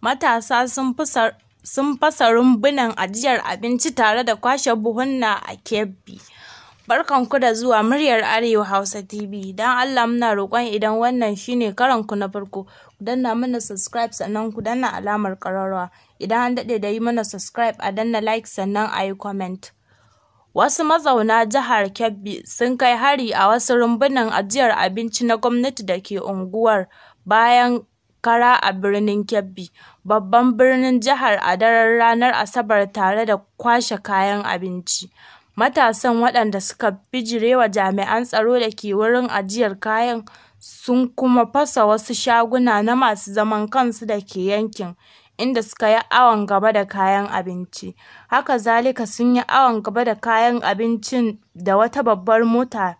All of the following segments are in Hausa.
Matasa sun fasa rumbunan ajiyar abinci tare da kwashe buhunna a Kebbi. Barkanku da zuwa muryar Arewa Hausa TV. Don Allah muna roƙon idan wannan shine karanku na farko, ku danna mana subscribe sannan ku danna alamar ƙararrawa. Idan an daɗe da yi mana subscribe a danna like sannan a yi comment. Wasu mazauna jihar Kebbi sun kai hari a wasu rumbunan ajiyar abinci na gwamnati da ke unguwar bayan kara a birnin Kebbi, babban birnin jihar a daren ranar Asabar tare da kwashe kayan abinci. Matasan, waɗanda suka bijirewa jami'an tsaro da ke wurin ajiyar kayan, sun kuma fasa wasu shaguna na masu zaman kansu da ke yankin, inda suka yi awon gaba da kayan abinci. Haka zalika sun yi awon gaba da kayan abincin da wata babbar mota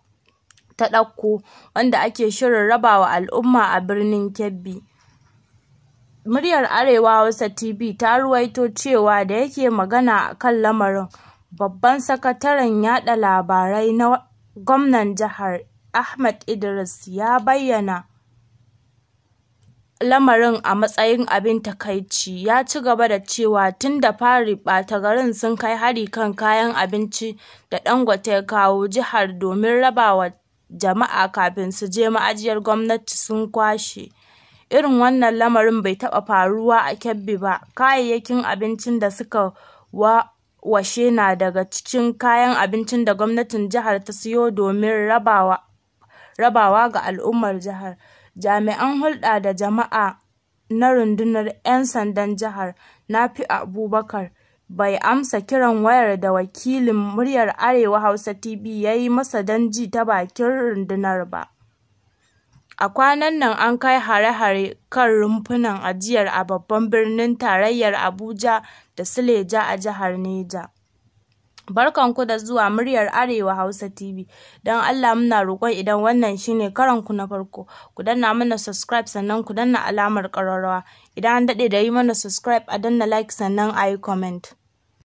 ta ɗauko, wanda ake shirin rabawa al'umma a birnin Kebbi. muryar arewa wasa tv ta ruwaito cewa da yake magana a kan lamarin babban sakataren yada labarai na gwamnan jihar ahmad idris ya bayyana lamarin a matsayin abin takaici ya ci gaba da cewa tun da fari ɓata garin sun kai hari kan kayan abinci da dangote ya kawo jihar domin rabawa jama'a kafin su je ma'ajiyar gwamnati sun kwashe Irin wannan lamarin bai taɓa faruwa a Kebbi ba, kayayyakin abincin da suka washe na daga cikin kayan abincin da gwamnatin jihar ta siyo domin rabawa ga al'ummar jihar. Jami'an hulɗa da jama'a na Rundunar ‘Yan Sandan Jihar, Nafi Abubakar, bai amsa kiran wayar da wakilin muryar Arewa Hausa TV ya yi masa don ji ta bakin rundunar ba. A kwanan nan an kai hare-hare kan rumfunan ajiyar a babban birnin tarayyar Abuja da Suleja a jihar Neja. Barkanku da zuwa muryar Arewa Hausa TV, don Allah muna roƙon idan wannan shi ne ku na farko, ku danna mana subscribe sannan ku danna alamar ƙararrawa, idan an daɗe da yi mana subscribe a danna like sannan a yi comment.